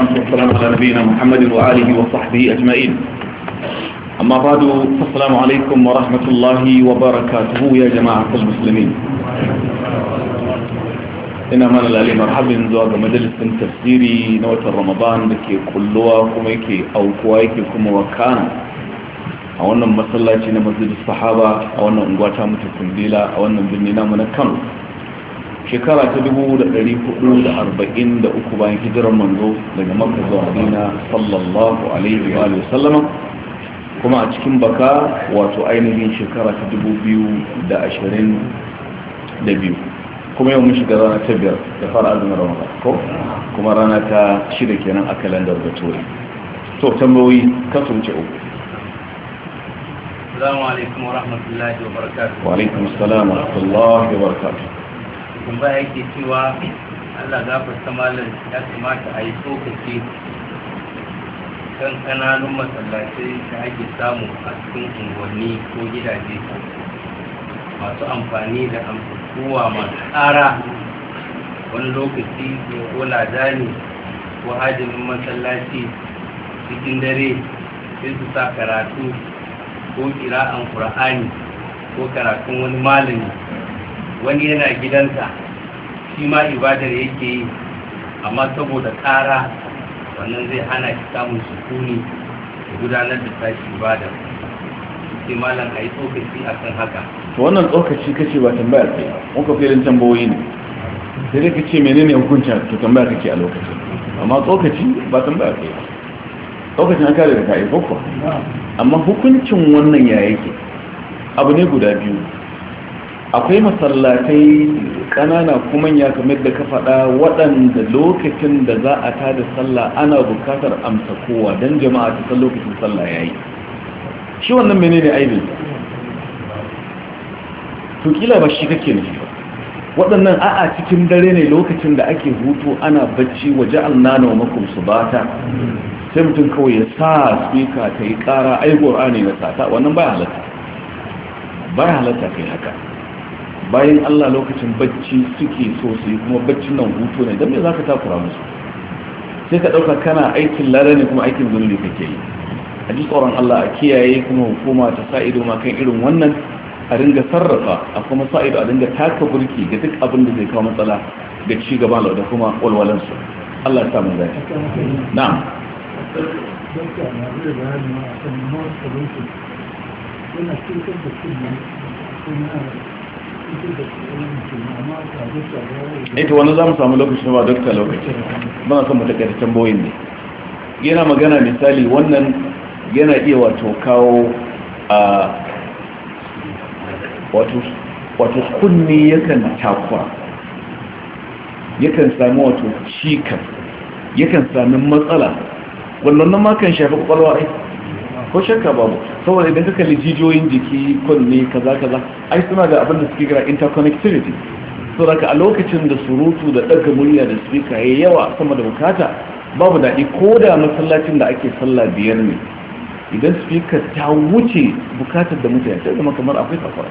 والصلاة والسلام على نبينا محمد وآله وصحبه أجمعين أما بعد السلام عليكم ورحمة الله وبركاته يا جماعة المسلمين إن أمان الله مرحبا زواج مجلس تفسيري نوة رمضان لكي كلها كميك أو كوايك كم وكان أولا مسلاتي نمزل الصحابة أولا أنقواتها متكندلة أولا بنينا منكم أولا shekara ta 443 bayan hijirar manzo daga makka zuwa madina sallallahu alaihi wa sallama kuma a cikin baka wato ainihin shekara ta 2022 kuma yau mun rana ta biyar da fara azumin ramadan ko kuma rana ta shida kenan a kalandar da bature to tambayoyi kasance uku السلام عليكم ورحمة الله وبركاته وعليكم السلام ورحمة الله وبركاته kuma yake cewa allah gafarta malar ya kamata a yi tsokaci kan kananun masallacin da ake samu a cikin unguwanni ko gidaje masu amfani da amfukuwa masu tsara wani lokaci ya kola dani ko hajjimin masallaci cikin dare sai su sa karatu ko kira'an ƙur'ani ko karatun wani malami wani yana gidansa shi ma ibadar yake yi amma saboda kara wannan zai hana shi samun sukuni da gudanar da tashi ibadar shi malam a yi tsokaci a kan haka to wannan tsokaci kace ba tambayar kai mun ka filin tambayoyi ne sai dai kace menene hukuncin to tambaya kake a lokacin amma tsokaci ba tambayar kai Tsokacin an kare da kai ko amma hukuncin wannan ya yake abu ne guda biyu akwai masallatai ƙanana kuma ya kamar da ka faɗa waɗanda lokacin da za a tada sallah ana bukatar amsa kowa don jama'a ta san lokacin sallah ya yi shi wannan mene ne aibin tukila ba shi kake ne ba waɗannan a'a cikin dare ne lokacin da ake hutu ana bacci waje alnana wa makum su bata sai mutum kawai ya sa spika ta yi ƙara ai ne na sata wannan ba halatta ba halatta kai haka bayan Allah lokacin bacci suke so su yi kuma baccin nan hutu ne don me za ka takura musu sai ka ɗauka kana aikin lada ne kuma aikin zunubi kake yi a ji tsoron Allah a kiyaye kuma hukuma ta sa ido ma kan irin wannan a dinga sarrafa a kuma sa a dinga taka burki ga duk abin da zai kawo matsala ga ci gaba da kuma walwalansu Allah ya sa mu zai na'am yana cikin da kuma ita eh wani za mu samu lokacin ba dokta Ba muna son mutakar tamboyin ne yana magana misali wannan yana iya wato kawo a wato kunni yakan takwa yakan sami wato cikas yakan sami matsala wannan makon shafi kwakwalwa ai ko shakka babu saboda idan ka kalli jijiyoyin jiki kunne kaza kaza ai suna da abin da suke kira interconnectivity so daga a lokacin da surutu da ɗaga murya da speaker yayi yawa sama da bukata babu daɗi ko da masallacin da ake sallah biyar ne idan speaker ta wuce bukatar da mutane sai zama kamar akwai kafara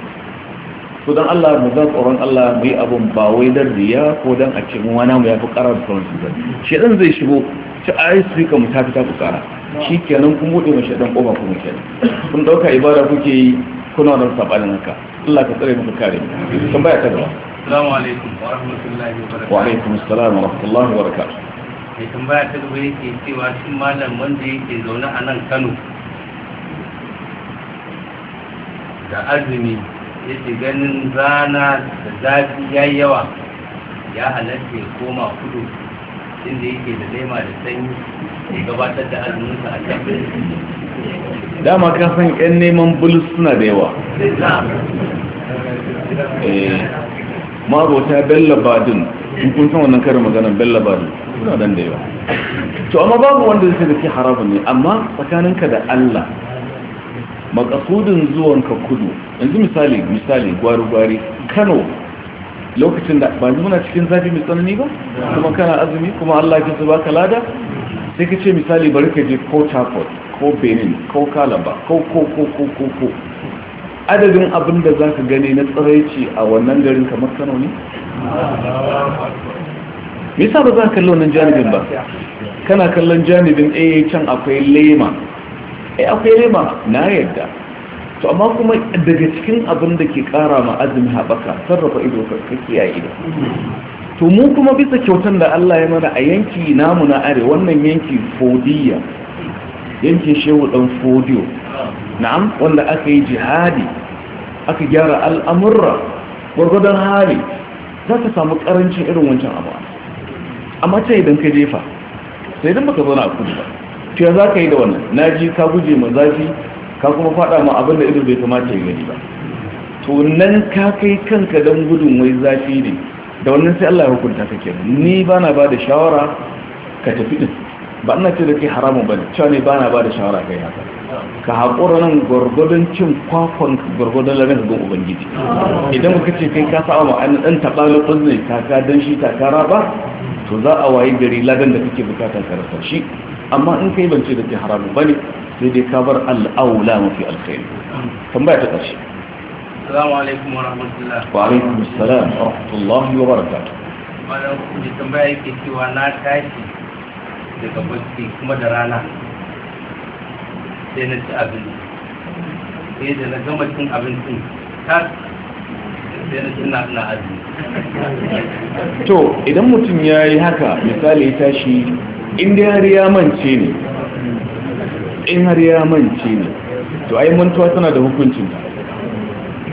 su don Allah mu zan tsoron Allah mu yi abun ba wai don riya ko don a cikin wani mu ya fi ƙara da sauran zan shi ɗan zai shigo ci a yi su mu ta fi ta ku ƙara shi kenan kun buɗe mashi ɗan ƙofa kuma kenan kun ɗauka ibada kuke yi kuna wani saɓanin haka Allah ka tsare muku kare kan baya ta gaba. Assalamu alaikum wa rahmatullahi wa barakatuh. Wa alaikum assalam wa rahmatullahi wa barakatuh. Mai tambaya ta gaba yake cewa shi malam wanda yake zaune a nan Kano da azumi yake ganin rana da zafi ya yi yawa ya halatta ya koma kudu inda yake da laima da sanyi ya gabatar da azuminsa a can dama ka san yan neman bulus suna da yawa eh, marota bella badin in kun san wannan karin maganar bella badin suna dan da yawa to amma babu wanda zai da ke haramun ne amma tsakaninka da allah makasudin zuwanka kudu yanzu misali misali gwari-gwari kano lokacin da ba muna cikin zafi mai tsanani ba kuma kana azumi kuma allah ya zuba ka lada sai ka ce misali bari ka je ko tafot ko benin ko kalaba ko ko ko ko ko ko adadin abin da za ka gani na tsaraici a wannan garin kamar kano ne me sa ba za ka kallon wannan janibin ba kana kallon janibin a can akwai lema ai akwai rima na yadda to amma kuma daga cikin abin da ke kara ma azumi haɓaka sarrafa ido ka kiyaye ido to mu kuma bisa kyautan da Allah ya mana a yanki namu na are wannan yanki fodiya yankin shehu dan fodiyo na'am wanda aka yi jihadi aka gyara al'amurra gwargwadon hali za ka samu karancin irin wancan abu amma sai idan ka jefa sai idan baka zauna a kudu shi ya za ka yi da wannan na ji ka guje ma zafi ka kuma faɗa ma abin da ido bai kamata ya gani ba to nan ka kai kanka dan gudun wai zafi ne da wannan sai Allah ya hukunta ka kenan ni ba ba da shawara ka tafi din ba ina ce da kai haramun ba cewa ne ba ba da shawara kai haka ka haƙura nan gwargwadon cin kwakwan gwargwadon lamin ga ubangiji idan ka ce kai ka sa'a ma'ana ɗan taɓa lokacin ne ka don shi taka raba to za a wayi gari ladan da kake bukatan ka rasa shi amma in kai bance da ke haramu bane sai dai ka bar al'aula mafi alkhairi tambaya ta ƙarshe assalamu alaikum wa rahmatullah wa alaikum assalam wa rahmatullahi wa barakatuh malam kuma tambaya yake cewa na tashi daga bacci kuma da rana sai na ci abinci sai da na gama cin abincin tas sai na ci na azumi to idan mutum ya yi haka misali ya tashi inda ya mance ne in har ya mance ne to ai mantuwa tana da hukuncin ta.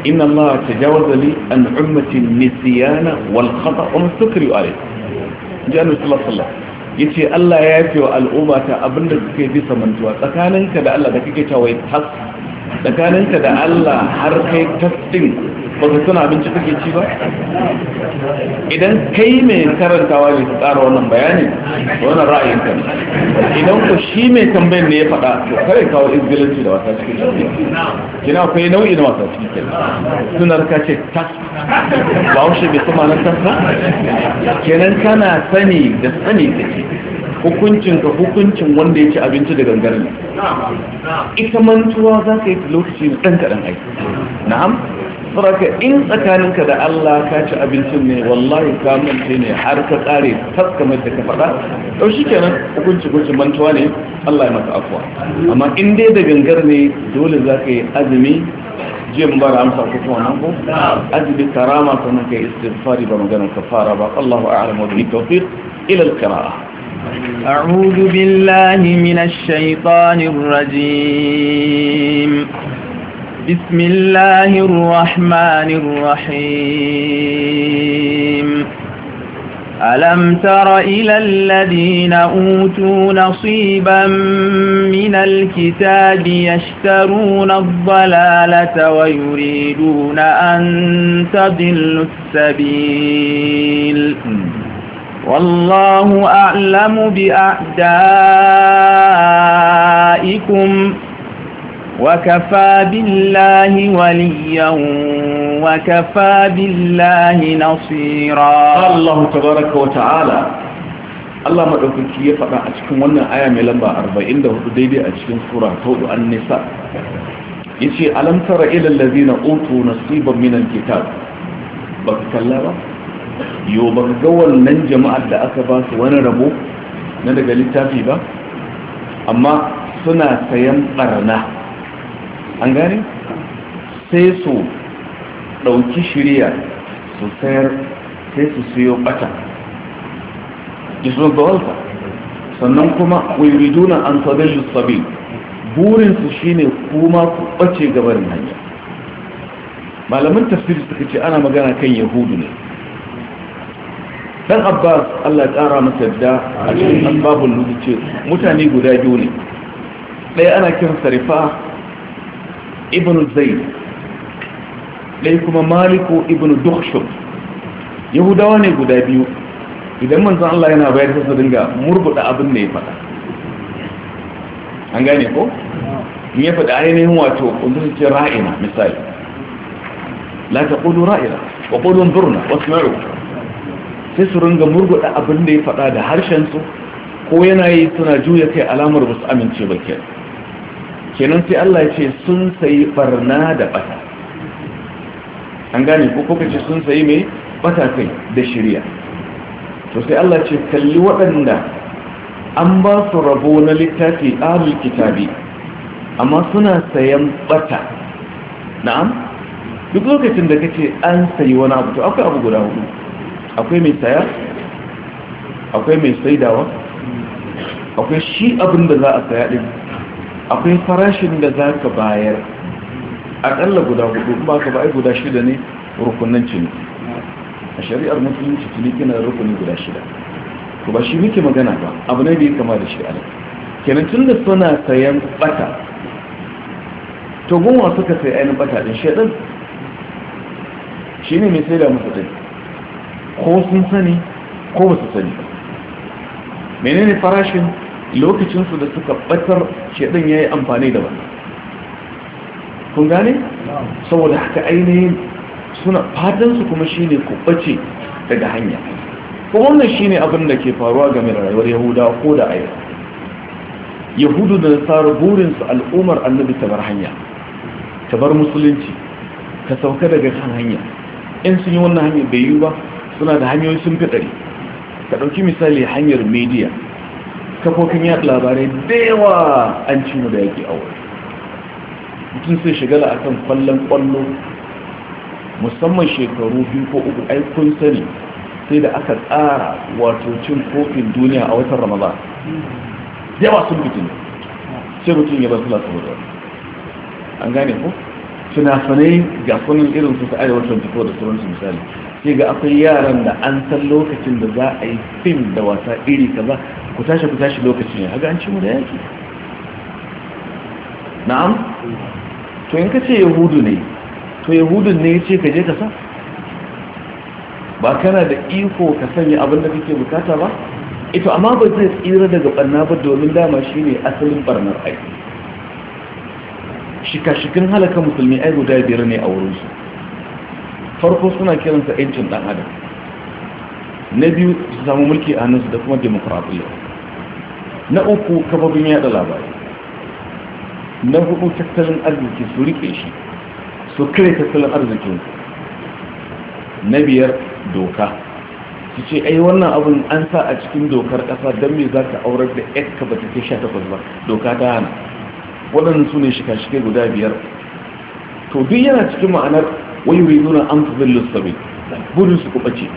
inna Allah tajawaza li an ummati nisyana wal khata wa mustakri alai ji annabi sallallahu alaihi yace Allah ya yafe wa al'umma ta abinda suke bisa mantuwa tsakaninka da Allah da kake tawai tas. tsakaninka da Allah har kai tasdin ba su suna abinci kake ci ba idan kai mai karantawa ne ka tsara wannan bayani wannan ra'ayin ka idan ku shi mai tambayin ne ya faɗa to kare kawo izgilanci da wasa cikin jami'a kina akwai nau'i na wasa cikin jami'a sunar ka ce tas ba haushe bai sama nan tas ba kenan kana sani da sani ke. hukuncin ka hukuncin wanda ya ci abinci da ne ita mantuwa za ka yi lokaci da ɗan kaɗan aiki na'am saraka in tsakaninka da Allah ka ci abincin ne wallahi ka mance ne har ka tsare taska mai da ka faɗa ɗau shi kenan hukunci hukunci mantuwa ne Allah ya maka afuwa amma in dai da gangar ne dole za ka yi azumi jiyan ba da amsa ko kuma nan ko azumi karama sannan ka yi istighfari ba maganar kafara ba Allahu a'lam wa bihi tawfiq ila al-qira'a أعوذ بالله من الشيطان الرجيم بسم الله الرحمن الرحيم ألم تر إلى الذين أوتوا نصيبا من الكتاب يشترون الضلالة ويريدون أن تضلوا السبيل والله أعلم بأعدائكم وكفى بالله وليا وكفى بالله نصيرا الله تبارك وتعالى Allah maɗaukaki ya faɗa a cikin wannan aya mai lamba 44 daidai a cikin sura ta hudu an nisa ya ce alamtara ilal lazina utu nasiban minal kitab ba kalla ba yo ba ga wannan jama'ar da aka ba su wani rabo na daga littafi ba amma suna sayan barna an gani sai su ɗauki shirya su sayar sai su siyo ɓata jisun gawarsa sannan kuma wiriduna an sabin sabi burinsu ne kuma ku ɓace gabar hanya malamin tafsir suka ce ana magana kan yahudu ne dan abbas allah ƙara masa da a cikin asbabun lulu mutane guda biyu ne ɗaya ana kiransa sarifa. ibn zayd ɗaya kuma maliku ibn dukhshub yahudawa ne guda biyu idan manzan Allah yana bayar su dinga murbuɗa abin da ya faɗa an gane ko in ya faɗa ainihin wato kundu su ce ra'ina misali la ta ƙudu ra'ina wa ƙudun burna wasu maru sai su ringa murbuɗa abin da ya faɗa da harshensu ko yana yi suna juya kai alamar ba su amince ba kenan kenan sai Allah ya ce sun sayi barna da bata an gane ko kuka ce sun sayi mai bata kai da shirya to sai Allah ce kalli waɗanda an ba su rabo na littafi alul kitabi amma suna sayan bata na'am duk lokacin da kace an sayi wani abu to akwai abu guda hudu akwai mai saya akwai mai saidawa akwai shi abin da za a saya din akwai farashin da za ka bayar aƙalla guda hudu ba ka ba guda shida ne rukunan ciniki a shari'ar musulunci ciniki na rukuni guda shida to ba shi muke magana ba abu ne da ya kama da shi ala kenan tun da suna sayan bata togon wasu suka sai ainihin bata din shaɗin shi ne mai sai da musu ɗin ko sun sani ko ba su sani menene farashin lokacinsu da suka batar shaɗin ya yi amfani da wannan kun gane? saboda haka ainihin suna fatansu kuma shi ne kubace daga hanya ko wannan shi ne abin da ke faruwa game da rayuwar yahudawa ko da ayyar yahudu da nasarar burinsu al'ummar annabi ta bar hanya ta bar musulunci Ka sauka daga kan hanya in sun yi wannan hanyar bai yi ba suna da hanyoyi sun fi ɗari ka ɗauki misali hanyar media kafofin yaɗa labarai da yawa an ci mu da yake a wuri mutum sai shigala akan kwallon kwallo musamman shekaru biyu ko uku ai kun sani sai da aka tsara wato cin kofin duniya a watan ramadan yawa sun ne. sai mutum ya ba su lasa an gane ko tunafanai ga sunan irin su ta arewa 24 da sauransu misali sai ga akwai yaran da an san lokacin da za a yi fim da wasa iri kaza ku tashi ku tashi lokaci ne haga an ci mu da yaki na'am to in ka ce yahudu ne to yahudun ne ya ce ka je ka sa ba kana da iko ka sanya abin da kake bukata ba ito eh amma ba zai tsira daga barna ba domin dama shi ne asalin barnar aiki shika-shikin halaka musulmi ai guda biyar ne a wurinsu farko suna kiransa 'yancin dan adam na biyu su samu mulki a hannunsu da kuma demokradiyya na uku kafafin yada labari, na hudu tattalin arziki su rike shi su kare tattalin arzikin na biyar doka su ce ai wannan abin an sa a cikin dokar ƙasa don me za ka aurar da ka ba ta ke 18 ba doka ta hana waɗannan su ne shika-shike guda biyar to duk yana cikin ma'anar wai wai nuna an fi zillus sabi burin su kuɓace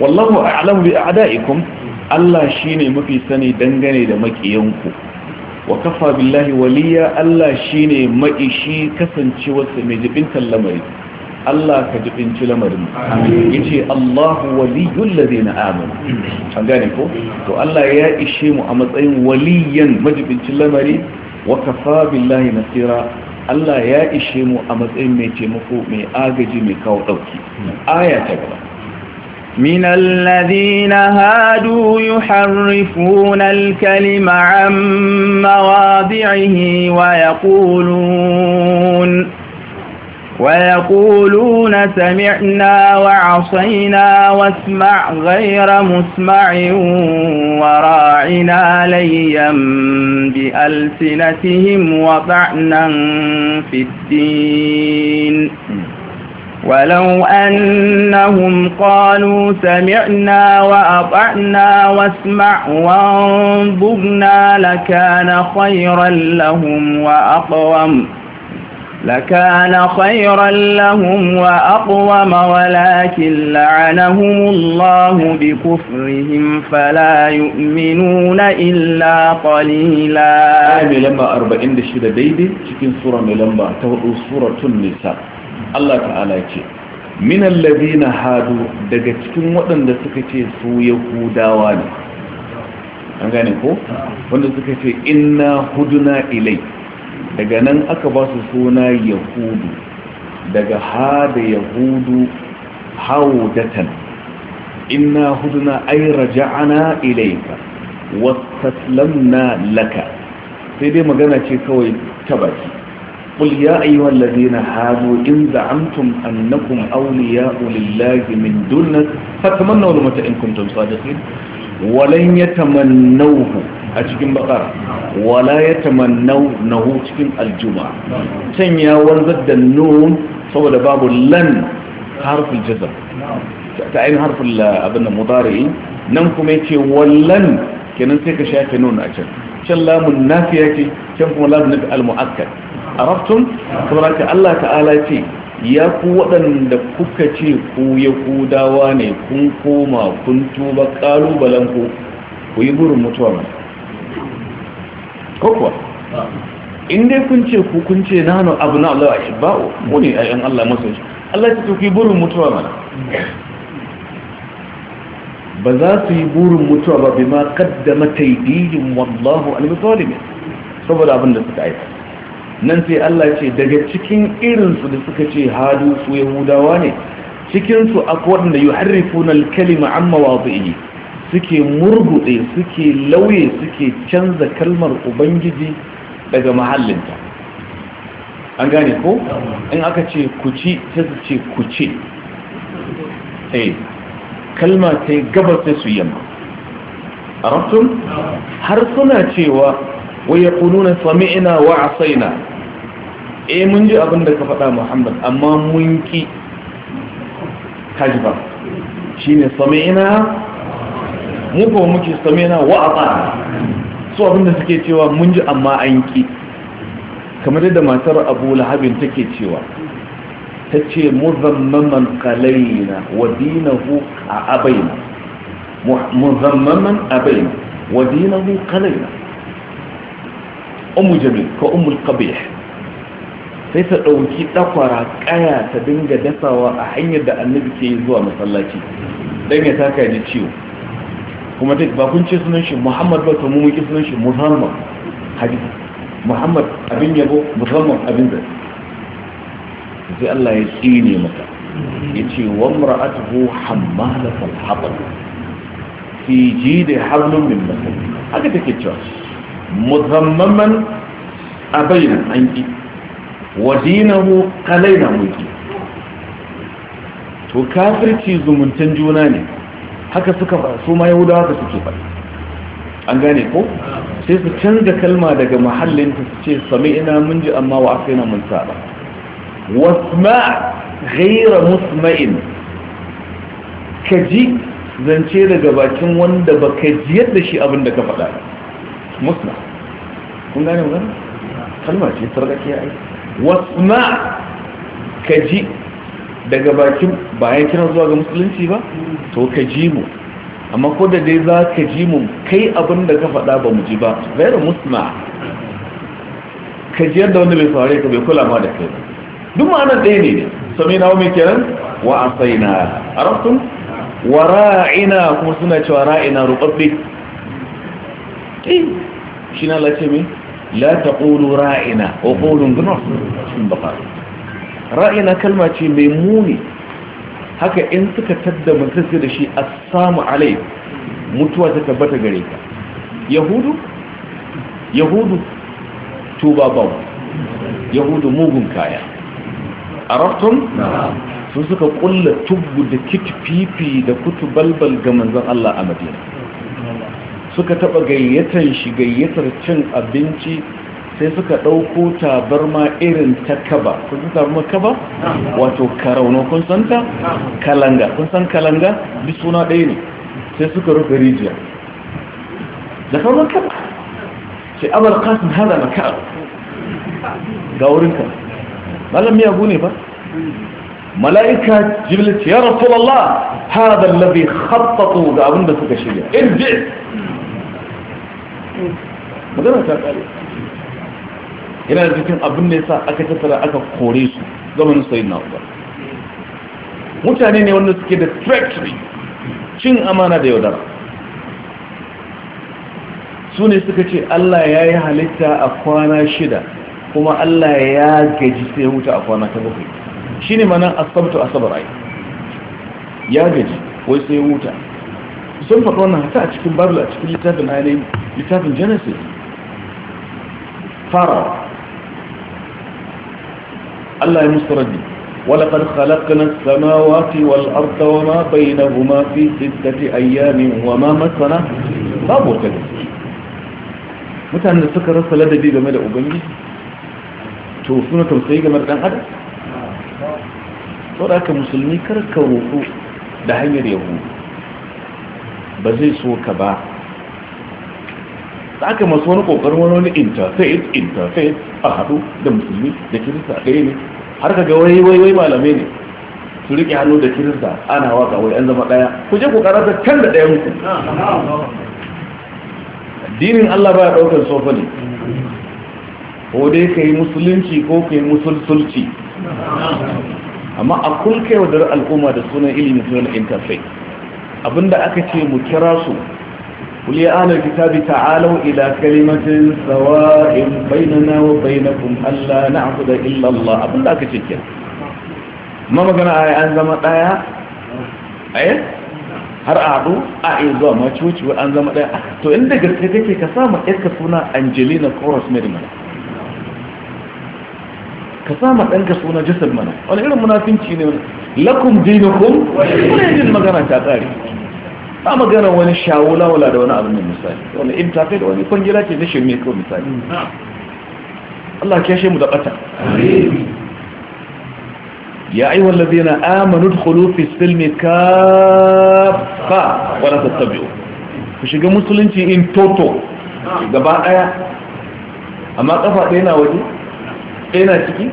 wallahu a'lamu bi a'da'ikum Allah shi ne mafi sani dangane da makiyanku wa kafa billahi waliya Allah ne maishi kasancewarsa mai jibintan lamari Allah ka jibinci lamarin Ya ce Allahu waliyul ladina amanu A gane ko to Allah ya ishe mu a matsayin waliyan majibincin lamari wa kafa billahi nasira Allah ya ishe mu a matsayin mai taimako mai agaji mai kawo ɗauki. aya ta gaba من الذين هادوا يحرفون الكلم عن مواضعه ويقولون ويقولون سمعنا وعصينا واسمع غير مسمع وراعنا ليا بألسنتهم وطعنا في الدين ولو أنهم قالوا سمعنا وأطعنا واسمع وانظرنا لكان خيرا لهم وأقوم لكان خيرا لهم وأقوم ولكن لعنهم الله بكفرهم فلا يؤمنون إلا قليلا آية لما أربعين دشيدة ديدي شكين سورة ملما تقول سورة النساء Allah ta'ala ce minan labina hadu daga cikin waɗanda suka ce su yahudawa ne an gane ko wanda suka ce inna huduna ilai daga nan aka ba su suna yahudu daga hada yahudu haudatan inna huduna ay raja'ana ilayka wastaslamna laka sai dai magana ce kawai ta baki قل يا أيها الذين هادوا إن زعمتم أنكم أولياء لله من دون فتمنوا الموت إن كنتم صادقين ولن يتمنوه أتكين بقرة ولا يتمنونه تكين الجمعة تنيا ورزد النون صور باب لن حرف الجزم تعين حرف ابن المضاري ننكم يتي ولن كنن سيك شايف نون أجل شلام النافية كنكم لازم نبقى المؤكد arabtum saboda Allah ta'ala ce ya ku waɗanda kuka ce ku yahudawa ne kun koma kun tuba ƙalubalen ku ku yi burin mutuwa ba kokuwa in dai kun ce ku kun ce nanu abu na Allah a shibba'u mu ne ayyan Allah masu shi Allah ta tuki burin mutuwa mana ba za su yi burin mutuwa ba bi ma kaddama taidiyin wallahu alimitolimi saboda abin da suka aika nan sai Allah ce daga cikin irinsu da suka ce hadu su yahudawa ne cikinsu akwai waɗanda yi harrifuna kalima an mawazi'i suke murgude suke lauye suke canza kalmar ubangiji daga mahallinta an gane ko in aka ce kuci sai su ce kuce eh kalma ta gabar sai su yamma a har suna cewa wai ya kununa sami'ina wa asaina eh mun ji abin da ka faɗa muhammad amma mun ki hajjiba shi ne samina muka muke samina wa'aba su abin da suke cewa mun ji amma an ki kamar yadda matar abu lahabin take cewa ta ce muzammaman kalaina wa dinahu a abaina muzammaman abaina wa dinahu kalaina umu jami ko umul qabih sai ta ɗauki ɗakwara ƙaya ta dinga dasawa a hanyar da annabi ke yi zuwa masallaci don ya taka ji ciwo kuma ta bakun ce sunan shi muhammad ba kuma mun sunan shi muhammad hadisi muhammad abin yabo muhammad abin da sai Allah ya tsine mata ya ce wa mar'atuhu hammalatul hatab fi jidi hablum min masallaci haka take cewa muzammaman abaina an ƙi wa dinahu qalaina mulki to kafirci zumuntan juna ne haka suka su ma yahuda haka suke ba an gane ko sai su canza kalma daga mahallin ta su ce ina mun ji amma wa asaina mun saba wasma ghayra musma'in ka ji zance daga bakin wanda ba ka ji yadda shi abin da ka faɗa musma kun gane magana kalma ce sarƙaƙiya aiki wasma ka ji daga bakin bayan kiran zuwa ga musulunci ba to ka ji mu amma ko da dai za ka ji mu kai abin da ka faɗa ba mu ji ba zai musma ka ji yadda wanda bai saurare ka bai kula ma da kai duk ma'anar ɗaya ne sami na wani kiran wa na. arabtum wa ra'ina kuma suna cewa ra'ina rubabbe eh shi na lace mai la taqulu ra'ina wa qulu gunus cikin bakara ra'ina kalma ce mai muni haka in suka tadda mutum sai da shi assamu alai mutuwa ta tabbata gare ka yahudu yahudu tuba yahudu mugun kaya arabtum su suka kulla tubu da kitfifi da kutu ga manzon Allah a Madina suka taɓa gayyatar shi gayyatar cin abinci sai suka ɗauko tabarma irin ta kaba kun san tabarma kaba wato karauno kun san ta kalanga kun san kalanga bi suna ɗaya ne sai suka rufe rijiya da kaba kaba sai abar kasin hada na ka'a ga ka malam miya ne ba mala'ika jibril ya rasulullah hada labi khattatu ga abinda suka shirya irji magana ta kare yana da cikin abin da yasa aka tattara aka kore su zamanin sayin na uba mutane ne wanda suke da treachery cin amana da yaudara su ne suka ce Allah ya yi halitta a kwana shida kuma Allah ya gaji sai huta a kwana ta bakwai shi ne manan asabtu asabar ai ya gaji wai sai huta sun faɗo wannan haka a cikin babu a cikin littafin ainihin littafin genesis farawa Allah ya musu rabi ولقد خلقنا السماوات والأرض وما بينهما في ستة wa ma مسنا babu wata da mutane da suka rasa ladabi game da ubangi to suna tausayi game da ɗan adam saboda aka musulmi karka roƙo da hanyar yahudu ba zai so ka ba aka masu wani kokarin wani wani interfaith interfaith a haɗu da musulmi da kirista ɗaya ne har ka ga wai wai wai malamai ne su riƙe hannu da kirista ana waka wai an zama ɗaya ku je ku karanta can da ɗayan ku dinin Allah ba ya ɗaukar sofa ne ko dai ka yi musulunci ko ka yi musulsulci amma a da al'umma da sunan ilimin sunan interfaith abinda aka ce mu kira su kuli ana kitabi ta'alu ila kalimatin sawa'in bainana wa bainakum alla na'budu illa Allah abinda aka ce kira ma magana ai an zama daya ai eh? har a haɗu a iya zuwa maciwuci an zama daya to inda gaske kake ka samu ɗaya suna angelina chorus mary mana ka sama ɗanka suna jasad mana wani irin munafinci ne lakum dinukum wani yin magana ta tsari ba magana wani shawula wala da wani abin da misali wani imtafe da wani kwangila ce na mai ko misali Allah ke shi mu da ɓata ya ayyuhal na amanu kulu fi silmi ka fa la tattabi'u ku shiga musulunci in toto gaba ɗaya amma ƙafa ɗaya na waje yana ciki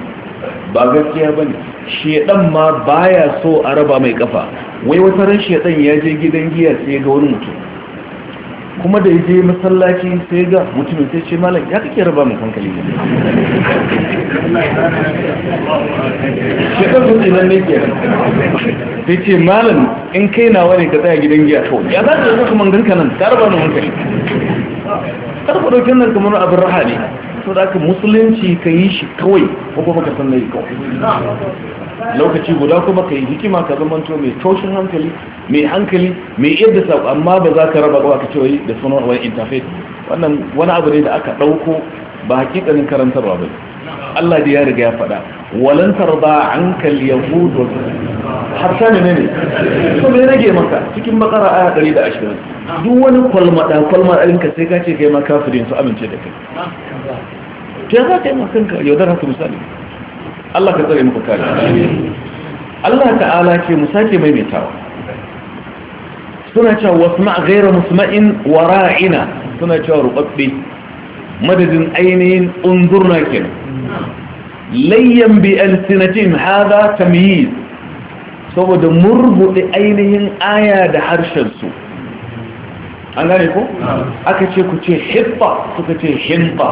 ba gaskiya ba ne shedan ma baya so a raba mai kafa wai wata ran shedan ya je gidan giya sai ga wani mutum kuma da ya je masallaci sai ga mutumin sai ce malam ya kake raba mai hankali ne shedan sun idan ne ke sai ce malam in kai nawa ne ka tsaya gidan giya to ya za ka zaka manganka nan ka raba mai hankali karfa daukin nan kamar abin raha ne so da ka musulunci ka yi shi kawai ko kuma ka san yi kawai lokaci guda kuma ka yi hikima ka zama to mai toshin hankali mai hankali mai yadda sabu amma ba za ka raba ba ka ce wai da sunan wani interface wannan wani abu ne da aka ɗauko ba hakikanin karantarwa ba Allah da ya riga ya faɗa walan tarba ankal yahud har ta ne ne to me rage maka cikin bakara aya 120 duk wani kwalmada kwalmadarin ka sai ka ce kai ma kafirin su amince da kai to ya za ka yi masu kanka yaudar haka misali Allah ka tsare muka kare Allah ta'ala ke mu sake maimaitawa suna cewa wasma ghayra musma'in wara'ina, suna cewa rubabbe madadin ainihin unzurna kenan layyan bi alsinatin ta tamyiz saboda murbuɗe ainihin aya da harshen su an gane ku? aka ce ku ce hibba suka ce himba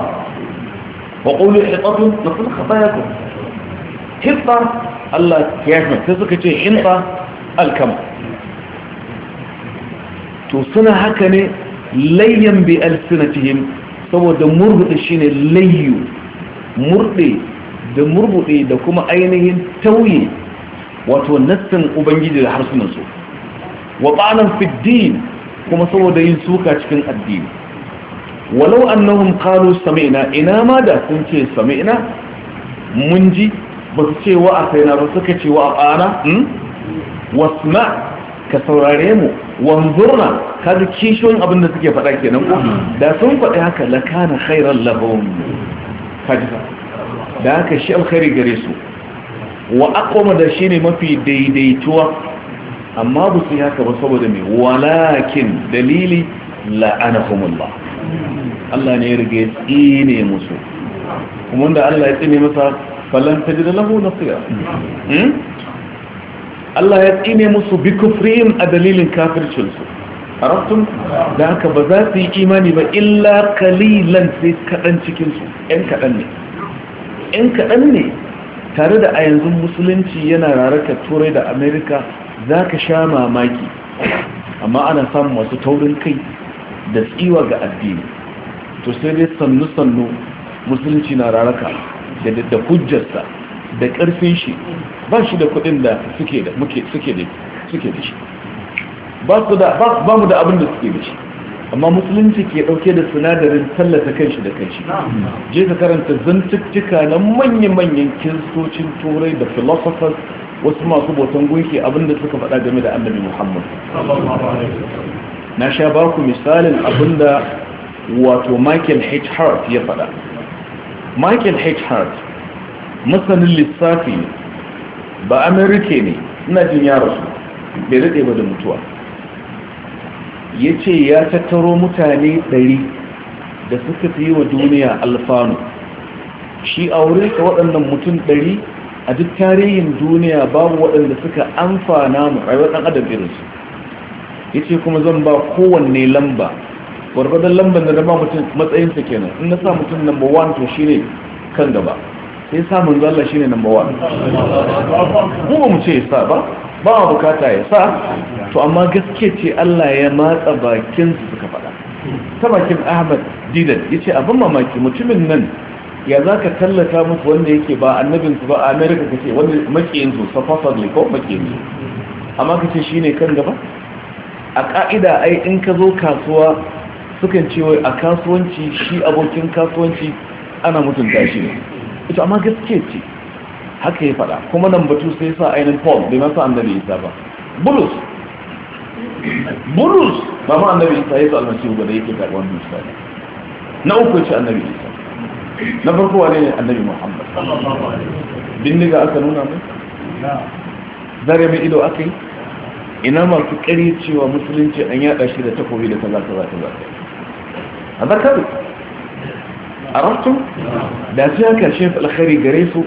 وقولوا حطة نقول خطاياكم حطة الله يعلم تسكى شيء حطة الكم توصنا هكذا ليا بألسنتهم سوى دمربط الشين ليو murɗe da murbuɗe da kuma ainihin tauye wato nassin ubangiji da harsunansu wa ɓanan fiddin kuma saboda yin suka cikin addini walau annahum qalu sami'na ina ma da sun ce sami'na mun ji ba su ce wa asaina ba suka ce wa aqana hmm? wasma ka saurare mu wanzurna ka ji kishiyoyin abin da suke faɗa kenan ko da sun faɗi haka la kana khairan lahum kaji da haka shi alkhairi gare su wa aqwama da shine mafi daidaituwa amma ba su haka ba saboda me walakin dalili la'anahumullah Allah ne ya rige tsine musu kuma wanda Allah ya tsine masa falan tajid lahu siya. Hmm? Allah ya tsine musu bi kufrin a dalilin kafircinsu su arabtum da haka ba za su yi imani ba illa kalilan sai kaɗan cikin su kaɗan ne Yan kaɗan ne tare da a yanzu musulunci yana rarraka turai da Amerika za ka sha mamaki amma ana samun masu taurin kai da tsiwa ga addini to sai dai sannu sannu musulunci na raraka da hujjarsa da ƙarfin shi ba shi da kuɗin da suke da shi ba mu da abin da suke da shi amma musulunci ke ɗauke da sinadarin tallata kanshi da kanshi je ka karanta zantuttuka na manya-manyan kiristocin turai da philosophers wasu masu botan gunki abinda suka faɗa game da annabi muhammad na sha baku misalin abinda wato michael h hart ya faɗa michael h hart masanin lissafi ba amerika ne ina jin ya rasu bai daɗe ba da mutuwa ya ce ya tattaro mutane ɗari da suka fi wa duniya alfanu shi a wurin ka waɗannan mutum ɗari a duk tarihin duniya babu waɗanda suka amfana mu rayuwar ɗan adam irinsu ya ce kuma zan ba kowanne lamba gwargwadon lambar da na ba mutum matsayinsa kenan in na sa mutum number one to shi ne kan gaba sai sa manzo Allah shi ne number one mu ba mu ce sa ba ba a bukata ya sa to amma gaske ce Allah ya matsa bakin su suka faɗa ta bakin Ahmad Didan ya ce abin mamaki mutumin nan ya za ka tallata musu wanda yake ba annabinsu ba a amerika ka ce wani wanda makiyinsu ne ko su amma ka ce shi ne kan gaba a ƙa'ida ai in ka zo kasuwa sukan ce wai a kasuwanci shi abokin kasuwanci ana mutunta shi ne ita amma gaske ce haka ya fada kuma nan batu sai sa ainihin paul bai masa annabi isa ba bulus bulus ba ma annabi isa ya sa almasihu ba da yake karɓar wannan ne. na uku ya ce annabi isa na farko wane ne annabi muhammad bindiga aka nuna mai zare mai ido aka yi ina masu kare cewa musulunci an yada shi da takobi da za ta kaza ذكر ارحتم da sai aka shi alkhairi gare su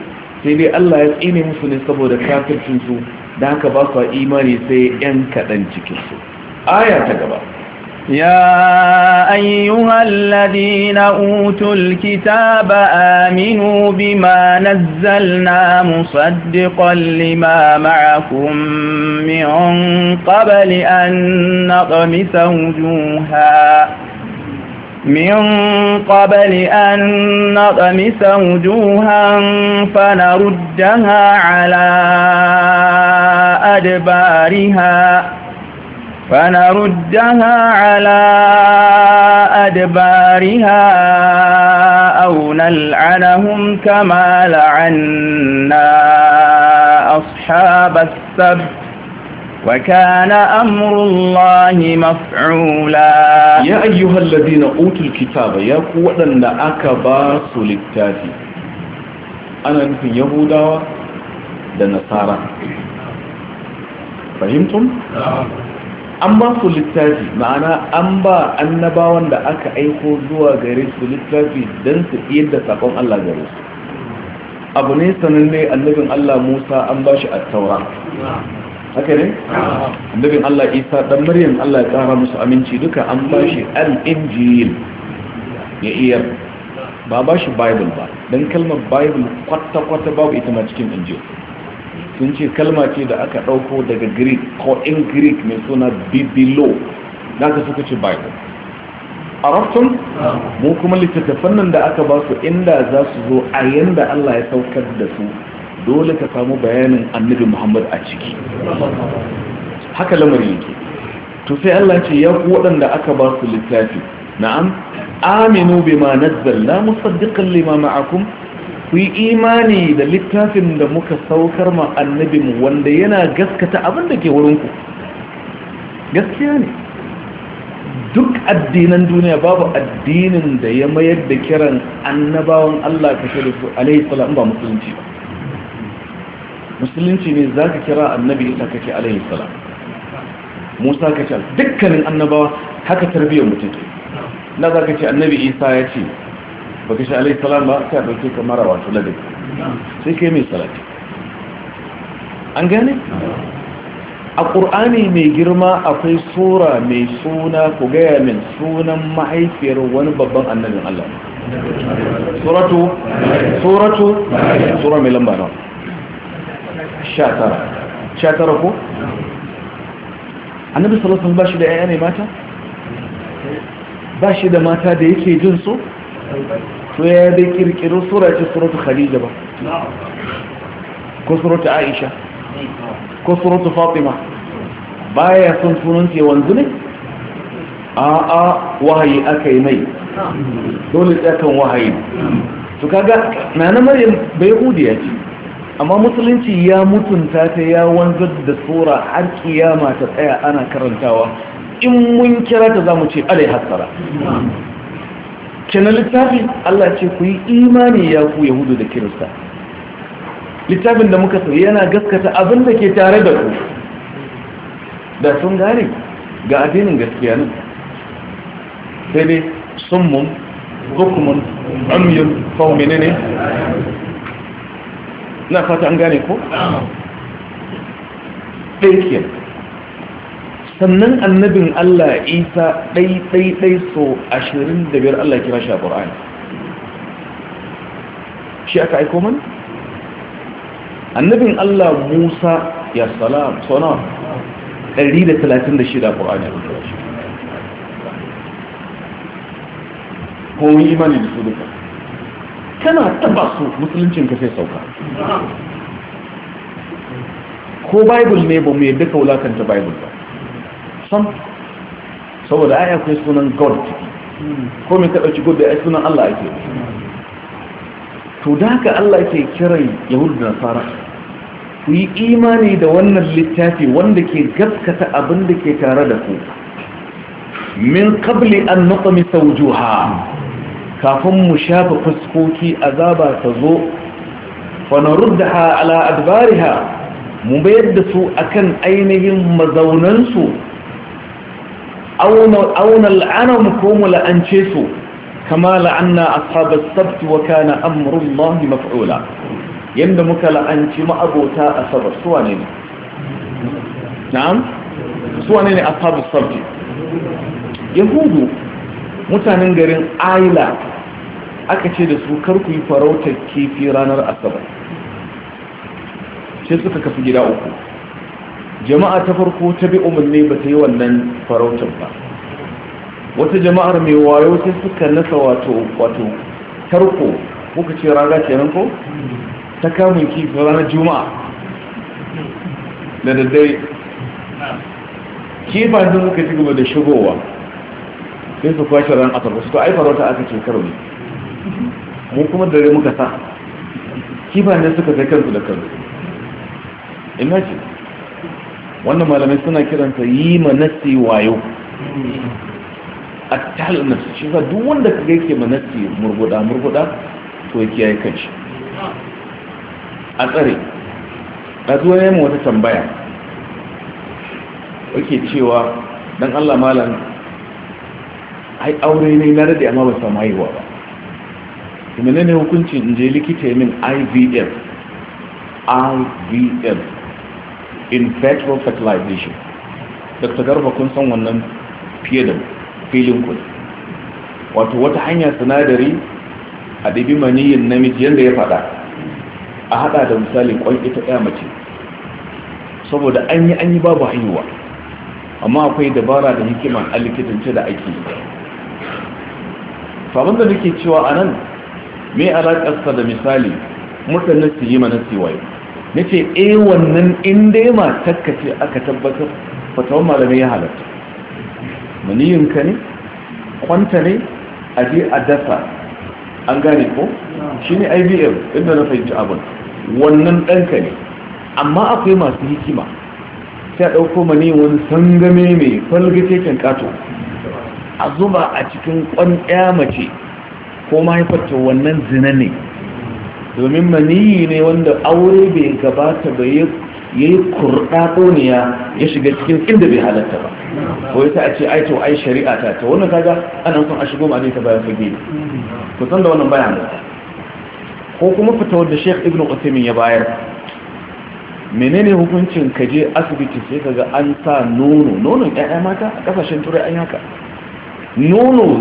sai dai Allah ya tsine musu ne saboda kafircin su da haka ba su imani sai yan kadan cikinsu aya ta gaba ya ayyuhalladhina utul kitaba aminu bima nazzalna musaddiqan lima ma'akum min qabli an naqmisa wujuhaha من قبل أن نطمس وجوها فنردها على أدبارها فنردها على أدبارها أو نلعنهم كما لعنا أصحاب السبت وكان أمر الله مفعولا يا أيها الذين أوتوا الكتاب يا قوة لأك باس للتاتي أنا نفي يهودا لنصارى فهمتم؟ an ba su littafi ma'ana an ba annabawan da aka aiko zuwa gare su littafi don su iya da sakon Allah gare su abu ne sananne annabin Allah Musa an ba shi a taura haka ne annabin Allah Isa dan Maryam Allah ya kara musu aminci duka an bashi al-injil ya iya ba bashi bible ba dan kalmar bible kwata kwata babu ita ma cikin injil sun ce kalma ce da aka dauko daga greek ko in greek mai suna bibilo da aka suka ce bible arabtum mu kuma littattafan nan da aka ba su inda za su zo a yanda Allah ya saukar da su dole ka samu bayanin annabi muhammad a ciki haka lamarin yake to sai allah ce ya ku waɗanda aka ba su littafi na'am aminu bima nazzalna musaddiqan lima ma'akum ku yi imani da littafin da muka saukar ma annabi mu wanda yana gaskata abin da ke wurin ku. gaskiya ne duk addinan duniya babu addinin da ya mayar da kiran annabawan Allah ka shirya alaihi salam ba musulunci ba musulunci ne za ka kira annabi isa ka alayhi salam musa ka dukkanin annabawa haka tarbiyyar mutum na za ka ce annabi isa ya ce ba ka ce alayhi salam ba ka ɗauke ka mara wato ladabi sai ka yi mai salati an gane a ƙur'ani mai girma akwai sura mai suna ku gaya min sunan mahaifiyar wani babban annabin allah suratu suratu sura mai lamba nawa Shatara. 19 ko annabi sallallahu alaihi wasallam shi da 'ya'ya ne mata ba shi da mata da yake jin su to ya yi dai kirkiro sura ce suratu khadija ba ko suratu aisha ko suratu fatima baya son sunan ke wanzu ne a wahayi aka yi mai dole tsakan wahayi to kaga na na maryam bai ya ce amma musulunci ya mutunta ta ya wanzar da tsora har kiyama ta tsaya ana karantawa in mun kira ta za mu ce alai hasara kenan littafi Allah ce ku yi imani ya ku yahudu da kirista littafin da muka sauye yana gaskata abin da ke tare da ku da sun gane ga adinin gaskiya nan sai dai sun mun hukumun amyun ne na fata an gane ko? ɗaikiyar sannan annabin Allah isa ɗai so ashirin da biyar Allah kira shi a ƙor'ani shi aka aiko mana? annabin Allah musa ya salam so nawa ɗari da talatin da shida ƙor'ani a ƙor'ani ko yi imani da su duka kana taba su musuluncin ka sai sauka ko bible ne ba mu duka wulakanta bible ba sam saboda ai akwai sunan god ko mai ka dauki god ai sunan Allah ake to da haka Allah ke kiran yahudu da nasara ku yi imani da wannan littafi wanda ke gaskata abin da ke tare da ku min qabli an nuqmi sawjuha kafin mu shafa fuskoki azaba ta zo rudda ha ala adbariha mu bayar da su akan ainihin mazaunansu auna la'anar ko mu la'ance su kama la'anna ashabas sabt wa kana amrullahi maf'ula Yadda muka la'anci ma'abota asabar suwa ne ne na'am suwa ne ne ashabas sabt yahudu mutanen garin aila aka ce da su kar ku yi farautar kifi ranar asabar sai suka kafi gida uku jama'a ta farko ta bi umarni ba ta yi wannan farautar ba wata jama'ar mai wayo sai suka nasa wato wato tarko kuka ce raga kenan ko ta kamun kifi ranar juma'a da daddare kifin sun suka ci gaba da shigowa sai su kwashe ran asabar su to ai farauta aka ce karo ne mu kuma dare muka sa ne suka kai kansu da kansu Inaji? wannan malamai suna kiranta yi ma nasi wayo a tal nafsi shi ba duk wanda ka yake ma nasi murguda murguda to ya kiyaye kanshi a tsare a zuwa yamma wata tambaya wake cewa don allah malam ai aure ne na rade amma ba samu haihuwa ba su menene hukuncin in je likita min ivf ivf in vitro fertilization dr garba kun san wannan fiye da filin kudi wato wata hanya sinadari a ɗabi maniyin namiji yadda ya faɗa a haɗa da misali kwan ita ɗaya mace saboda an yi an yi babu haihuwa amma akwai dabara da hikiman alikitance da ake yi da nake cewa a nan me alaƙarsa da misali mutanen su yi mana siwaye na ce a eh, wannan inda ya matakka ce aka tabbatar fatawan malamai ya halatta maniyinka ne kwanta ne a je a dasa an gane ko shi ne ibm inda na fahimci abin wannan ɗanka ne amma akwai masu hikima sai a ɗauko mani wani sangame mai falgace kan kato a zuba a cikin ƙwan mace ko mahaifar wannan zina ne domin maniyi ne wanda aure bai gabata ba ya yi kurɗa ɗoniya ya shiga cikin inda bai halatta ba ko ya a ce ai to ai shari'a ta ta wannan kaga ana son a shigo ma ta bayan fage ku san da wannan bayan ko kuma fita wanda Sheikh Ibn Uthaymeen ya bayar menene hukuncin kaje asibiti sai kaga an sa nono nonon ƴaƴa mata a ƙasashen turai an haka nono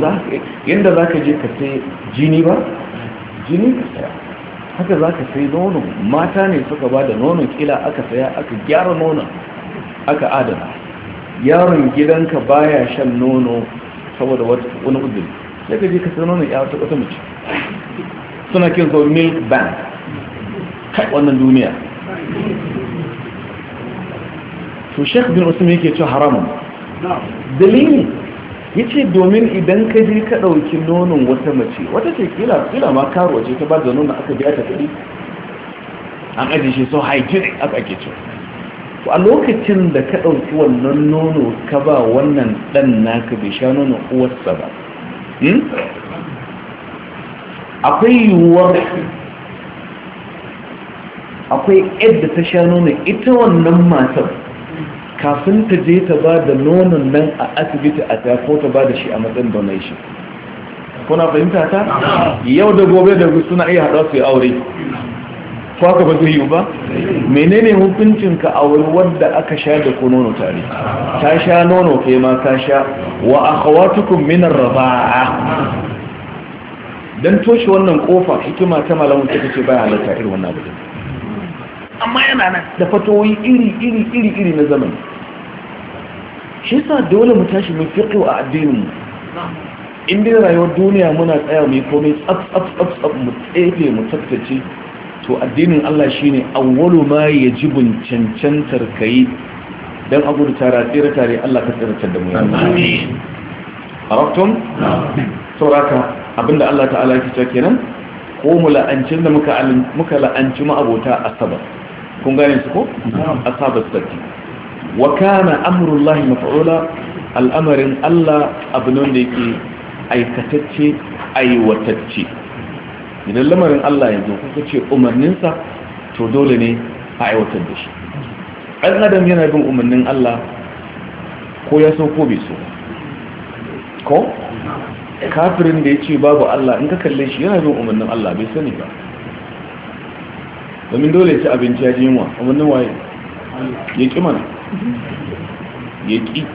yadda za ka je ka sai jini ba jini ka saya haka za ka sai nono mata ne suka ba da nono kila aka saya aka gyara nono aka adana yaron gidanka baya shan nono saboda wani uzuri sai ka je ka sai nono ya wata wata mace suna kin zo milk bank kai wannan duniya to shek bin usman yake cewa haramun dalili ce domin idan ka je ka ɗauki nonon wata mace wata ce kila kila ma karuwa ce ta ba da nonon aka biya ta kuɗi an ajiye shi so hygienic aka ake ce a lokacin da ka ɗauki wannan nono ka ba wannan ɗan naka bai sha nonon uwarsa ba hmm? akwai yiwuwar akwai yadda ta sha nono ita wannan matar kafin ta je ta ba da nonon nan a asibiti a ta ko ta ba da shi a matsayin donation kuna fahimta ta yau da gobe da suna iya haɗa su aure ko aka ba zai yi ba menene hukuncin ka aure wanda aka sha da ku nono tare ta sha nono kai ma ta sha wa akhawatukum min ar-raba'a dan toshe wannan kofa hikima ta malamu take ce baya halatta irin wannan abu amma yana nan da fatoyi iri iri iri iri na zaman. shi sa dole mu tashi mu fiqhu a addinin mu in dai rayuwar duniya muna tsaya mu komai tsaf tsaf tsaf tsaf mu tsefe mu tsaftace to addinin Allah shine awwalu ma yajibu cancantar kai dan abu da tara tsira tare Allah ka tsirtar da mu amin arabtum sauraka abinda Allah ta'ala ya ce kenan ko mu la'ancin da muka muka la'anci ma abota asabar kun gane su ko ashabar sarki wa kana amrullahi mafa'ula al'amarin Allah abu nan da yake aikatacce aiwatacce idan lamarin Allah yanzu kuka ce umarninsa to dole ne a aiwatar da shi ɗan adam yana bin umarnin Allah ko ya so ko bai so ko kafirin da ya ce babu Allah in ka kalle shi yana bin umarnin Allah bai sani ba domin dole ya ci abinci ya jima? a wannan waye ya ki mana ya ki.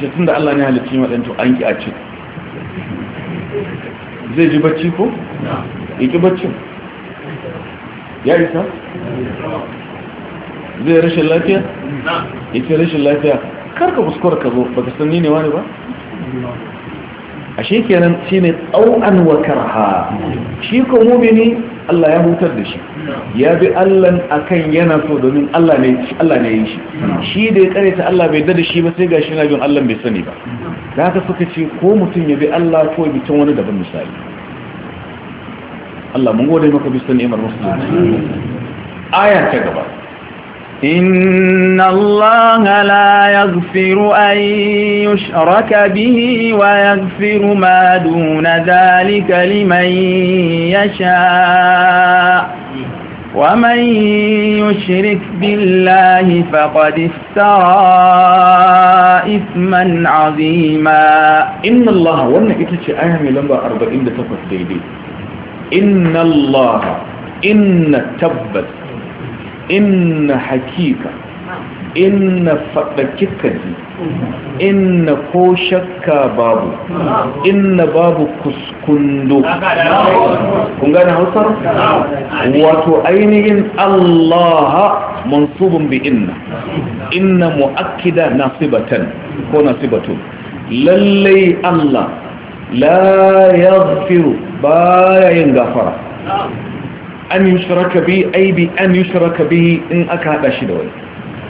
ta tun da Allah ne halittu yin waɗanto an ƙi a ci zai ji bacci ko? ya ki bacci ya isa? zai rashin lafiya? ya ce rashin lafiya karka fuskowar ka zo ka sanni ne wani ba? A kenan shi ne tsawon wa karha shi ko ni. Allah ya hutar da shi ya bi Allah akan yana so domin Allah ne Allah ne yi shi shi da ya ta Allah bai da shi ba sai gashi na bin Allah bai sani ba da haka suka ce ko mutum ya bi Allah ko bi tun wani daban misali Allah mun gode maka sani imar musulunci aya ta gaba إن الله لا يغفر أن يشرك به ويغفر ما دون ذلك لمن يشاء ومن يشرك بالله فقد افترى إثما عظيما إن الله وانا اتلتش آية من أربعين دفقت ديدي إن الله إن تبت inna hakika inna faɗakika ji inna ko shakka babu inna babu kuskundo kun gane hausar wato ainihin allaha mansubun bi inna inna mu'akkida nasibatan ko nasibatun lallai allah la yaghfiru baya yin gafara an yushraka bi bi in aka haɗa shi da wani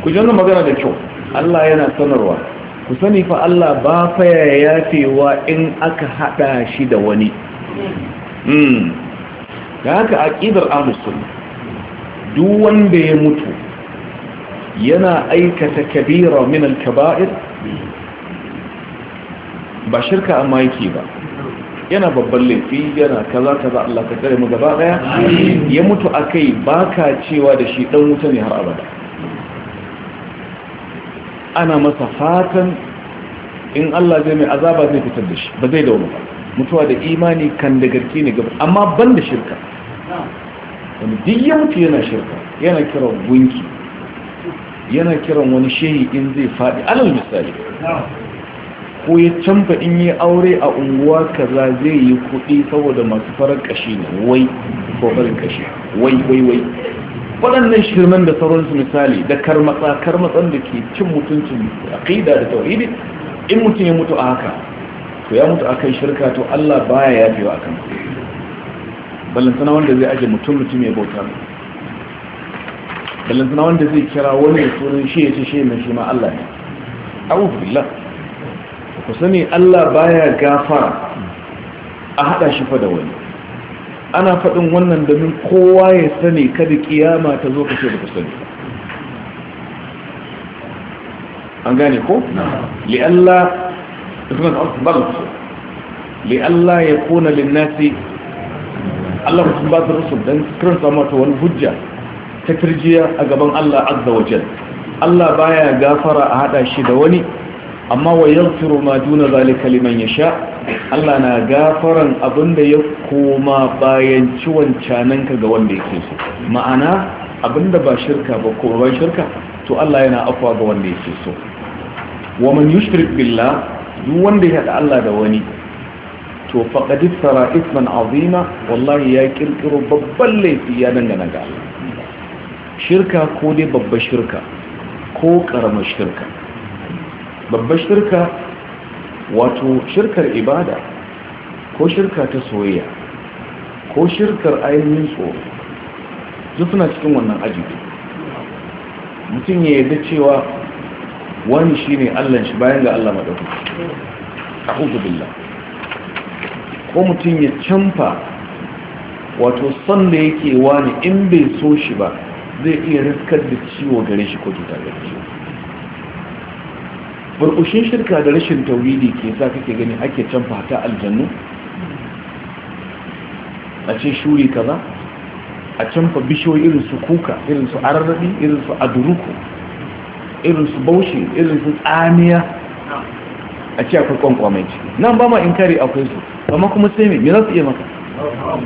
ku ji wannan magana da kyau Allah yana sanarwa ku sani fa Allah ba fa ya yafewa in aka haɗa shi da wani hmm. da haka aqidar ahlus duk wanda ya mutu yana aikata kabira min al-kaba'ir ba shirka amma yake ba yana babban laifi yana kaza kaza Allah ka tsare mu gaba daya ya mutu akai baka cewa da shi dan wuta ne har abada ana masa fatan in Allah zai mai azaba zai fitar da shi ba zai dawo ba mutuwa da imani kan da garki ne gaba amma ban da shirka wani duk ya mutu yana shirka yana kiran gunki yana kiran wani shehi in zai faɗi alal misali ko ya canfa in yi aure a unguwa kaza zai yi kuɗi saboda masu farar kashi ne wai ko farin kashi wai wai wai waɗannan shirman da sauransu misali da karmatsa karmatsan da ke cin mutuncin aqida da tauhidi in mutum ya mutu a haka to ya mutu akan shirka to Allah baya yafewa akan ballantana wanda zai aje mutum mutum ya bauta mai ballantana wanda zai kira wani ya sunan shi ya ce shi mai shi ma Allah ne a'udhu billah ku sani Allah baya gafara a hada shi fa da wani ana faɗin wannan domin kowa ya sani kada kiyama ta zo kace ku sani an gane ko li Allah ya kuna linnasi Allah mutum ba su rusul don kiran samu ta wani hujja ta kirjiya a gaban Allah azza wajen Allah baya gafara a hada shi da wani amma wa yaghfiru ma duna zalika liman yasha Allah na gafaran abinda ya koma bayan ciwon cananka ga wanda yake so ma'ana abinda ba shirka ba ko ba shirka to Allah yana afwa ga wanda yake so wa man yushrik billah duk wanda ya hada Allah da wani to faqad iftara isman azima wallahi ya kirkiro babban laifi ya dangana ga Allah shirka ko dai babbar shirka ko karamar shirka babbar shirka wato shirkar ibada ko shirka ta soyayya ko shirkar ainihin tsoro duk suna cikin wannan ajiye mutum ya yi cewa wani shine allan shi bayan ga allah ku, a billah ko mutum ya canfa wato son da yake wani in bai so shi ba zai iya riskar da ciwo gare shi ko cuta gare shi burkushin shirka da rashin tauridi ke sa kake gani ake can fata aljannu a ce shuri kaza a canfa bishiyoyi irin su kuka irin su ararrabi irin su aduruku irin su baushe irin su tsamiya a ce akwai kwankwamai nan ba ma in kare akwai su amma kuma sai mai me za su iya maka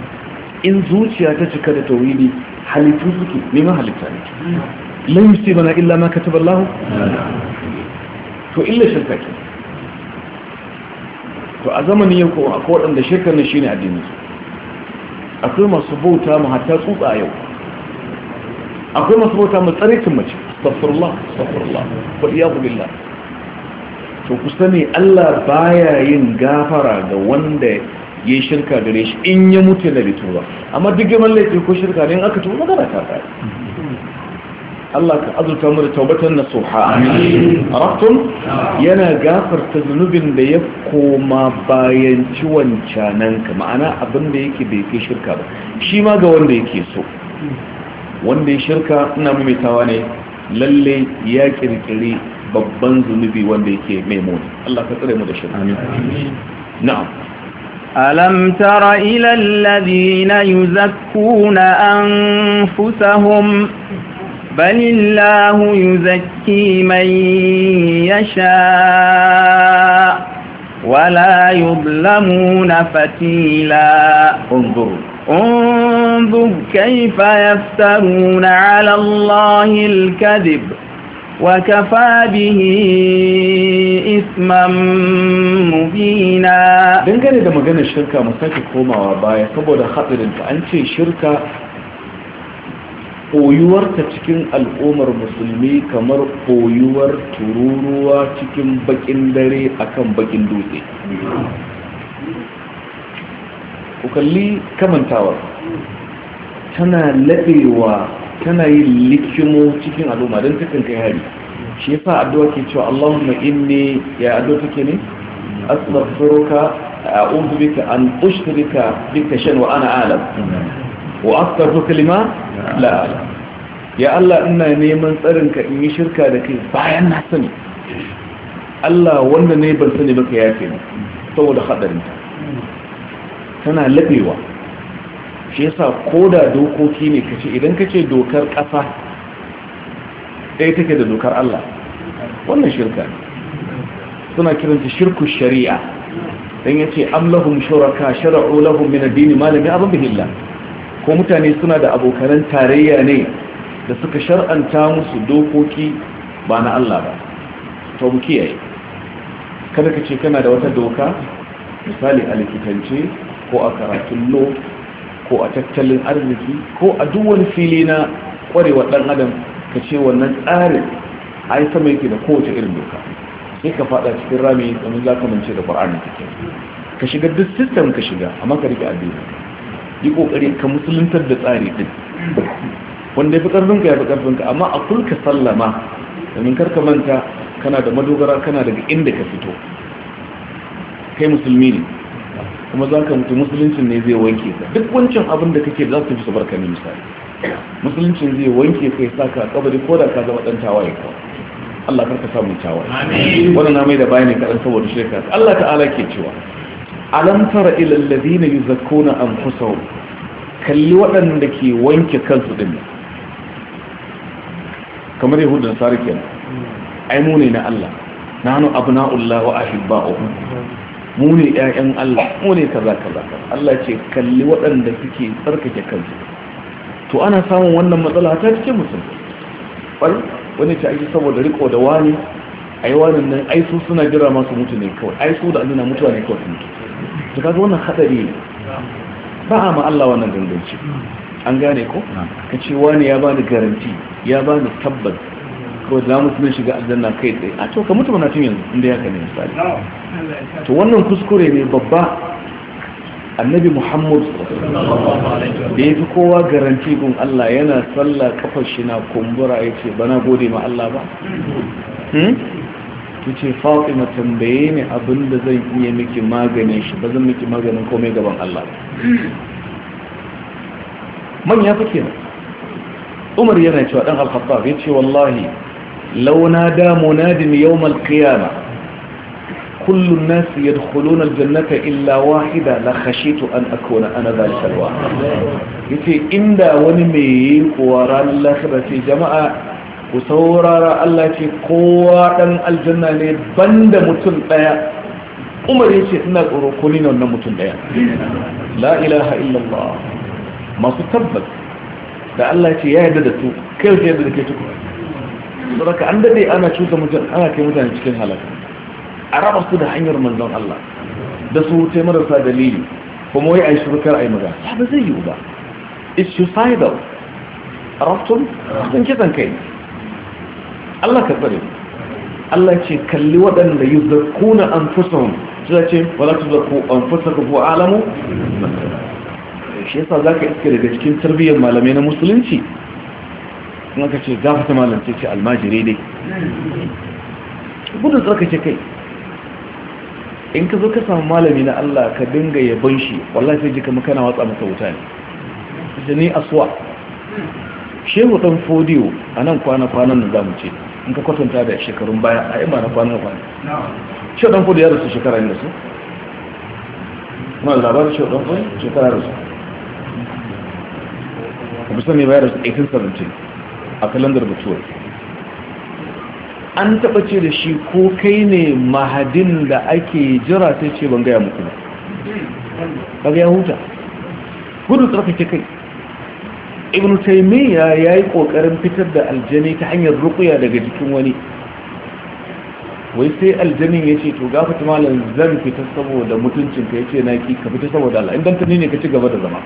in zuciya ta cika da tauridi halittu suke neman halitta ne lan bana illa ma kataballahu to illa shirka ke to a zamanin yau kuma akwai waɗanda shirka ne shine addini akwai masu bauta mu hatta tsutsa yau akwai masu bauta mu tsarikin mace astaghfirullah astaghfirullah wa iyyahu billah to ku sani Allah baya yin gafara ga wanda ya shirka gare shi in ya mutu da bituwa amma duk gaman laifi ko shirka ne in aka tuba magana ta kai Allah ka azurta mu da taubatan nasuha amin arabtum yana gafarta zunubin da ya koma bayan ciwon cananka ma'ana abin da yake bai kai shirka ba shi ma ga wanda yake so wanda ya shirka ina maimaitawa ne lalle ya kirkiri babban zunubi wanda yake mai muni Allah ka tsare mu da shirka amin na'am ألم تر إلى الذين يزكون أنفسهم بل الله يزكي من يشاء ولا يظلمون فتيلا انظر انظر كيف يفترون على الله الكذب وكفى به إثما مبينا dangane da maganar shirka mu sake komawa baya saboda hadirin ta an ce shirka koyuwarta cikin al'ummar musulmi kamar koyuwar tururuwa cikin bakin dare akan bakin dutse ku kalli kamantawar tana laɓewa tana yin likimo cikin al'umma don takan kai hari shi yasa addu'a ke cewa Allahumma inni ya addu'a take ne astaghfiruka a'udhu bika an ushrika bika shan wa ana alam wa su kalima la ya Allah ina neman tsarin ka in yi shirka da kai bayan na sani Allah wanda ne ban sani ba ka yafe ni saboda hadarin tana labewa shi yasa ko da dokoki ne kace idan kace dokar kasa ɗaya take da dokar Allah wannan shirka ne suna kiranta shirku shari'a dan yace ce Amlahun shuraka shar'u lahum min ad-din ma Allah ko mutane suna da abokanan tarayya ne da suka shar'anta musu dokoki ba na Allah ba to mu kiyaye kada ka ce kana da wata doka misali a likitance ko a karatun lo ko a tattalin arziki ko a duk wani fili na kwarewa dan adam ka ce wannan tsarin ai sama yake da kowace irin doka sai ka fada cikin rami domin za ka mance da ƙwar'ani kake ka shiga duk sistem ka shiga amma ka rike addini yi kokari ka musuluntar da tsari din wanda ya fi ka ya fi ka, amma a kulka sallama domin karka manta kana da madogara kana daga inda ka fito kai musulmi ne kuma za ka mutu musuluncin ne zai wanke ka duk wancan abin da kake za su fi sabar ka ne misali musuluncin zai wanke ka ya sa ka kabari ko da ka zama dan tawaye ka Allah karka samu tawaye wannan na mai da bayani kaɗan saboda shirka Allah ta'ala ke cewa alam tara ila alladhina yuzakkuna anfusahum kalli waɗanda ke wanke kansu din kamar yahudan sari kenan ai mu ne na Allah nanu abna'ullah wa ahibba'uhu mu ne ƴaƴan Allah mu ne kaza kaza Allah ce kalli waɗanda suke tsarkake kansu to ana samun wannan matsala ta cikin musulmi bal wani ta aiki saboda riko da wani ai wannan nan ai su suna jira masu mutu ne kawai ai su da annuna mutuwa ne kawai mutu da wannan hadari ba a ma Allah wannan ganganci an gane ko ka wani ya bani garanti ya bani tabbat ko da mu sun shiga aljanna kai tsaye a to ka mutu mana tun yanzu inda ya kane misali to wannan kuskure ne babba annabi muhammad da ya fi kowa garanti gun Allah yana sallah kafar shi na kumbura ya ce bana gode ma Allah ba hmm? su ce fatima tambaye ne abin da zan iya miki maganin shi ba zan miki maganin komai gaban Allah manya fa kenan umar yana cewa dan al-khattab yace wallahi law nada munadin yawm al-qiyamah kullu an-nas yadkhuluna al-jannata illa wahida la khashitu an akuna ana dhalika al-wahid yace inda wani mai kuwa ranar lahira ce jama'a ku saurara Allah ce kowa dan aljanna ne banda mutum ɗaya umar ya ce ina tsoro ko na wannan mutum daya la ilaha illallah masu tabbas da Allah ce ya yadda da su kai ya yadda da ke tuku saboda an dade ana cuta mutum, ana kai mutane cikin halaka a raba su da hanyar manzon Allah da su wuce marasa dalili kuma wai a yi shirkar a yi maza ya ba zai yi ba it's suicidal a sun kisan kai Allah ka tsare Allah ce kalli waɗanda yi zarkuna an fusan su da ce ba za su zarku an fusa ka kuwa alamu shi yasa za ka iske daga cikin tarbiyyar malamai na musulunci in aka ce gafata malam sai ce almajiri dai gudun tsarka ce kai in ka zo ka samu malami na Allah ka dinga yabon shi wallahi sai ji watsa masa wuta ne ni aswa shehu ɗan fodiyo a nan kwana-kwanan da zamu ce in ka kwatanta da shekarun baya a ima na kwana-kwana shehu dan fodiyo ya rasu shekara ne da su kuma da labarin shehu dan fodiyo shekara rasu a bisa ne bayar rasu 1817 a kalandar batuwar an taɓa ce da shi ko kai ne mahadin da ake jira sai ce ban gaya muku ba ya huta gudun tsarkake kai ibn taimiyya ya yi ƙoƙarin fitar da aljani ta hanyar rukuya daga jikin wani wai sai aljanin ya ce to gafata malam zan fita saboda mutuncinka ya ce na ki ka fita saboda Allah idan ta ne ka ci gaba da zama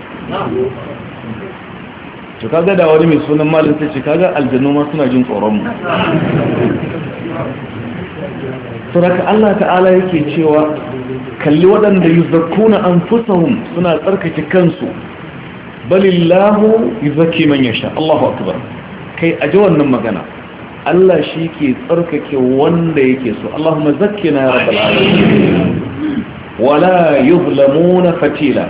to kaga da wani mai sunan malam sai ce kaga aljanu ma suna jin tsoron mu suraka Allah ta'ala yake cewa kalli waɗanda yuzakkuna anfusahum suna tsarkake kansu balillahu yuzakki man yasha Allahu akbar kai aje wannan magana Allah shi ke tsarkake wanda yake so Allahumma zakkina ya rabbal alamin wala yuzlamuna fatila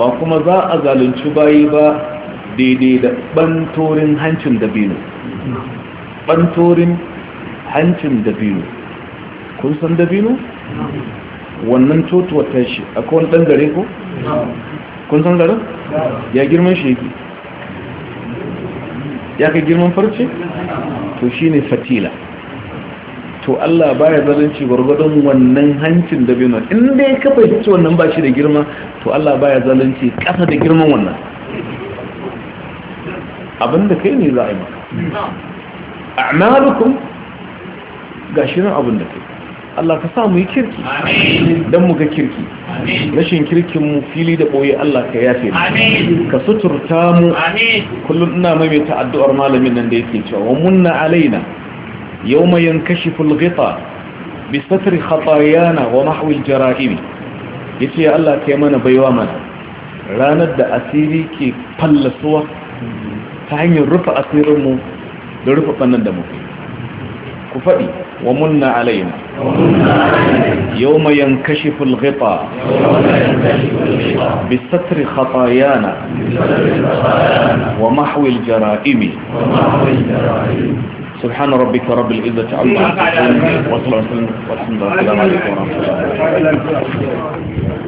ba kuma za a zalunci bayi ba daidai da bantorin hancin dabino bantorin hancin dabino kun san dabino wannan totuwa tashi akwai wani dangare ko kun san zarar ya girman shi yake ya kai girman farce to shi ne fatila to Allah baya zalunci gwargwadon wannan hancin da binon inda ya kafa yake wannan ba shi da girma to Allah baya zalunci kasa da girman wannan abinda kai ne za a yi maka a'malukum shi nan abinda kai Allah ka sa mu yi kirki don mu ga kirki rashin kirkin mu fili da boye Allah ka yafe mu ka suturta mu kullum ina maimaita ta'addu'ar malamin nan da yake cewa wa munna alaina yawma yankashifu al-ghita bi satri khatayana wa mahwi jara'imi yace ya Allah kai mana baiwa mana ranar da asiri ke fallasuwa ta hanyar rufe asirinmu da rufe bannan da mu ku faɗi wa munna alaina yau mai yankashi fulgita bisatri khatayana wa mahawil jara'imi سبحان ربك رب العزة عما يصفون وصلى الله وسلم والحمد لله رب العالمين